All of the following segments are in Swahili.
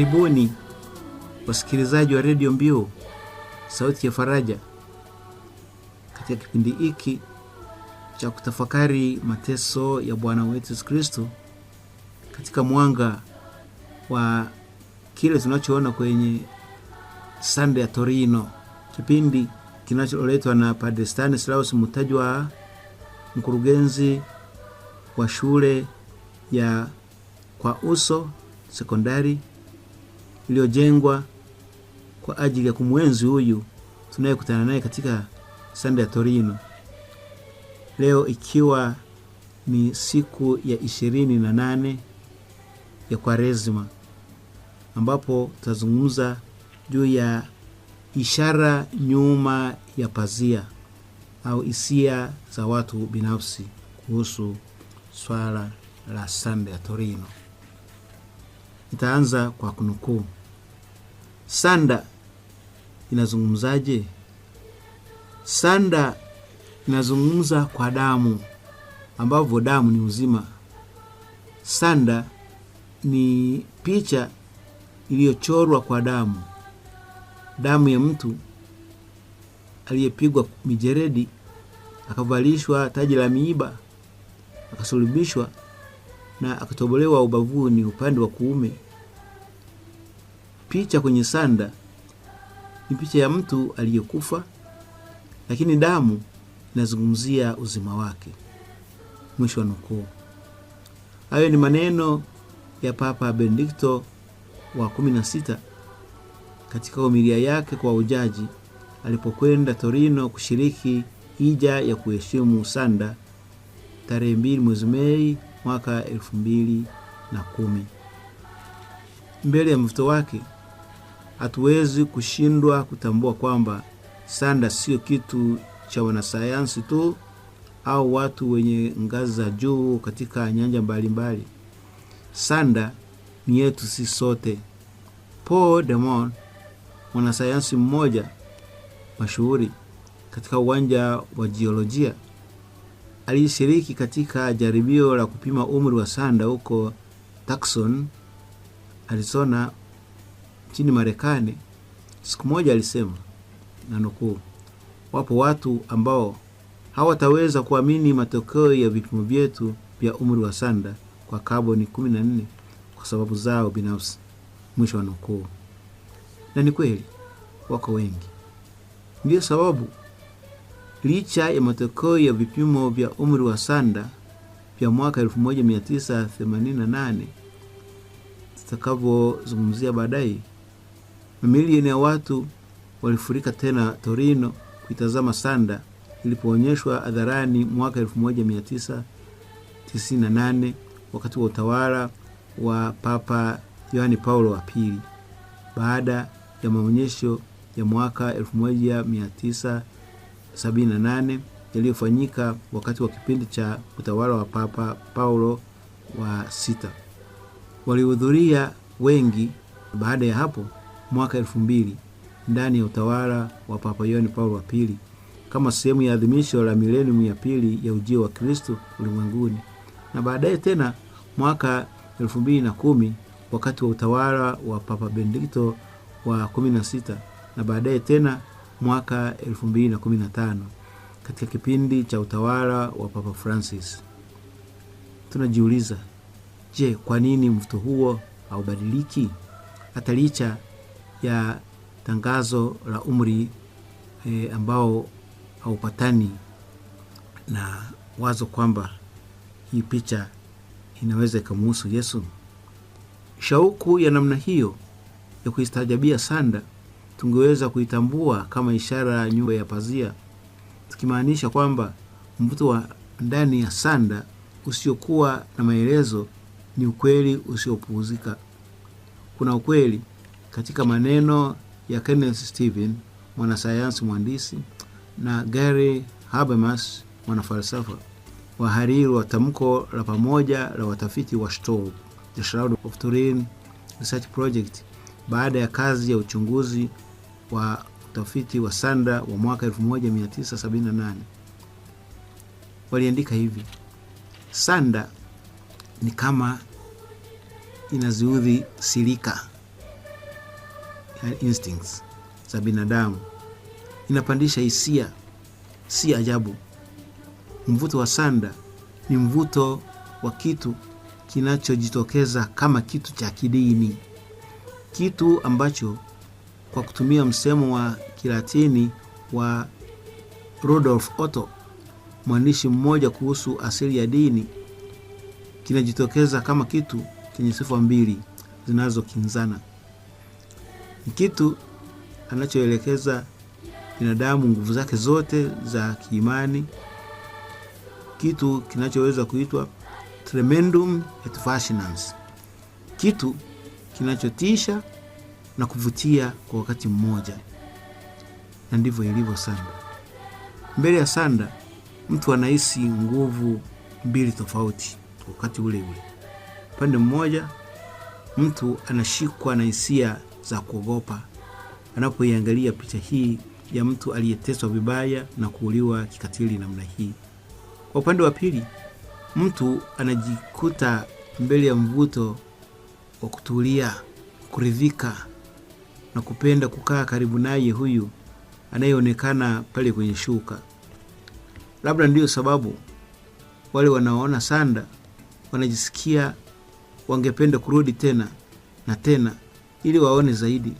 Karibuni wasikilizaji wa redio Mbiu sauti ya faraja, katika kipindi hiki cha kutafakari mateso ya Bwana wetu Yesu Kristo katika mwanga wa kile tunachoona kwenye Sande ya Torino, kipindi kinacholetwa na Padre Stanislaus mutajwa mkurugenzi wa shule ya Kwa Uso sekondari iliyojengwa kwa ajili ya kumwenzi huyu tunayekutana naye katika sanda ya Torino leo, ikiwa ni siku ya ishirini na nane ya Kwaresima, ambapo tutazungumza juu ya ishara nyuma ya pazia au hisia za watu binafsi kuhusu swala la sanda ya Torino. Nitaanza kwa kunukuu. Sanda inazungumzaje? Sanda inazungumza kwa damu, ambavyo damu ni uzima. Sanda ni picha iliyochorwa kwa damu, damu ya mtu aliyepigwa mijeredi, akavalishwa taji la miiba, akasulubishwa na akatobolewa ubavuni upande wa kuume. Picha kwenye sanda ni picha ya mtu aliyekufa, lakini damu inazungumzia uzima wake. Mwisho wa nukuu. Hayo ni maneno ya Papa Benedikto wa 16 katika homilia yake kwa ujaji alipokwenda Torino kushiriki hija ya kuheshimu sanda tarehe 2 mwezi Mei mwaka kumi Mbele ya mvuto wake hatuwezi kushindwa kutambua kwamba sanda sio kitu cha wanasayansi tu au watu wenye ngazi za juu katika nyanja mbalimbali mbali. Sanda ni yetu si sote. Paul demon mwanasayansi mmoja mashuhuri katika uwanja wa jiolojia, alishiriki katika jaribio la kupima umri wa sanda huko Tucson, Arizona nchini Marekani siku moja alisema na nukuu, wapo watu ambao hawataweza kuamini matokeo ya vipimo vyetu vya umri wa sanda kwa kaboni 14 kwa sababu zao binafsi, mwisho wa nukuu. Na ni kweli wako wengi. Ndiyo sababu licha ya matokeo ya vipimo vya umri wa sanda vya mwaka 1988 tutakavyozungumzia baadaye Mamilioni ya watu walifurika tena Torino kuitazama sanda ilipoonyeshwa hadharani mwaka 1998 wakati wa utawala wa Papa Yohani Paulo wa pili. Baada ya maonyesho ya mwaka 1978 yaliyofanyika wakati wa kipindi cha utawala wa Papa Paulo wa sita, walihudhuria wengi. Baada ya hapo mwaka elfu mbili ndani ya utawala wa Papa Yohane Paulo wa Pili kama sehemu ya adhimisho la milenium ya pili ya ujio wa Kristo ulimwenguni na baadaye tena mwaka elfu mbili na kumi wakati wa utawala wa Papa Benedikto wa kumi na sita na baadaye tena mwaka elfu mbili na kumi na tano katika kipindi cha utawala wa Papa Francis. Tunajiuliza, je, kwa nini mvuto huo haubadiliki hata licha ya tangazo la umri e, ambao haupatani na wazo kwamba hii picha inaweza ikamuhusu Yesu. Shauku ya namna hiyo ya kuistajabia sanda tungeweza kuitambua kama ishara ya nyumba ya pazia, tukimaanisha kwamba mvuto wa ndani ya sanda usiokuwa na maelezo ni ukweli usiopuuzika. Kuna ukweli katika maneno ya Kenneth Stephen, mwanasayansi mwandisi na Gary Habermas, mwanafalsafa, wahariri wa tamko la pamoja la watafiti wa Stowe, The Shroud of Turin Research Project, baada ya kazi ya uchunguzi wa utafiti wa sanda wa mwaka 1978 waliandika hivi: sanda ni kama inaziudhi silika instincts za binadamu, inapandisha hisia. Si ajabu mvuto wa sanda ni mvuto wa kitu kinachojitokeza kama kitu cha kidini, kitu ambacho kwa kutumia msemo wa Kilatini wa Rudolf Otto, mwandishi mmoja kuhusu asili ya dini, kinajitokeza kama kitu chenye sifa mbili zinazokinzana. Ni kitu anachoelekeza binadamu nguvu zake zote za kiimani, kitu kinachoweza kuitwa tremendum et fascinans, kitu kinachotisha na kuvutia kwa wakati mmoja. Na ndivyo ilivyo sanda. Mbele ya sanda mtu anahisi nguvu mbili tofauti wakati ule ule. Upande mmoja mtu anashikwa na hisia za kuogopa anapoiangalia picha hii ya mtu aliyeteswa vibaya na kuuliwa kikatili namna hii. Kwa upande wa pili, mtu anajikuta mbele ya mvuto wa kutulia, kuridhika na kupenda kukaa karibu naye huyu anayeonekana pale kwenye shuka. Labda ndiyo sababu wale wanaoona sanda wanajisikia wangependa kurudi tena na tena ili waone zaidi.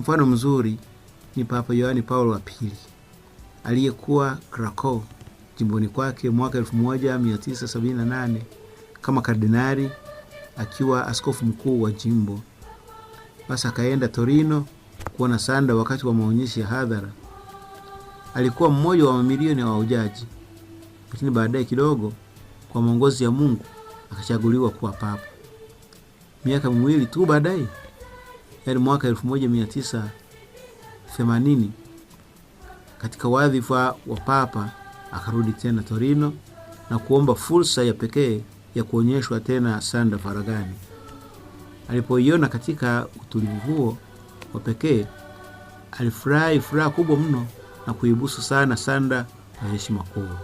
Mfano mzuri ni Papa Yohani Paulo wa pili aliyekuwa Krakow jimboni kwake mwaka 1978 kama kardinari akiwa askofu mkuu wa jimbo. Basi akaenda Torino kuona sanda wakati wa maonyesho ya hadhara. Alikuwa mmoja wa mamilioni ya wa wahujaji, lakini baadaye kidogo, kwa maongozi ya Mungu, akachaguliwa kuwa papa. Miaka miwili tu baadaye yaani mwaka 1980 katika wadhifa wa papa akarudi tena Torino na kuomba fursa ya pekee ya kuonyeshwa tena sanda faragani. Alipoiona katika utulivu huo wa pekee, alifurahi furaha kubwa mno na kuibusu sana sanda kwa heshima kubwa.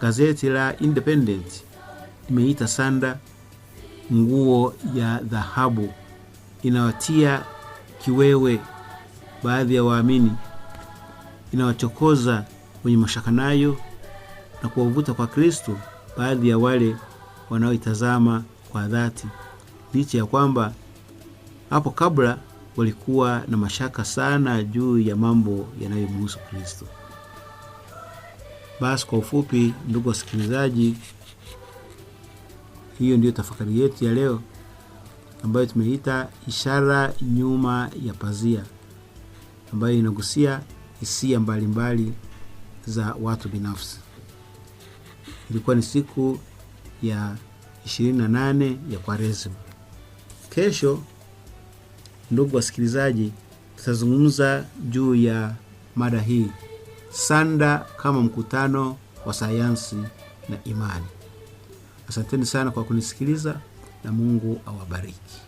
Gazeti la Independent limeita sanda nguo ya dhahabu inawatia kiwewe baadhi ya waamini, inawachokoza wenye mashaka nayo na kuwavuta kwa Kristo baadhi ya wale wanaoitazama kwa dhati, licha ya kwamba hapo kabla walikuwa na mashaka sana juu ya mambo yanayomhusu Kristo. Basi kwa ufupi, ndugu wasikilizaji, hiyo ndiyo tafakari yetu ya leo ambayo tumeita ishara nyuma ya pazia, ambayo inagusia hisia mbalimbali za watu binafsi. Ilikuwa ni siku ya 28 ya Kwaresima. Kesho, ndugu wasikilizaji, tutazungumza juu ya mada hii, sanda kama mkutano wa sayansi na imani. Asanteni sana kwa kunisikiliza na Mungu awabariki.